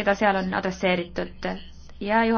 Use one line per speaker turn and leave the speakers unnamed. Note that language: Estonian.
keda seal on adresseeritud
ja juhataja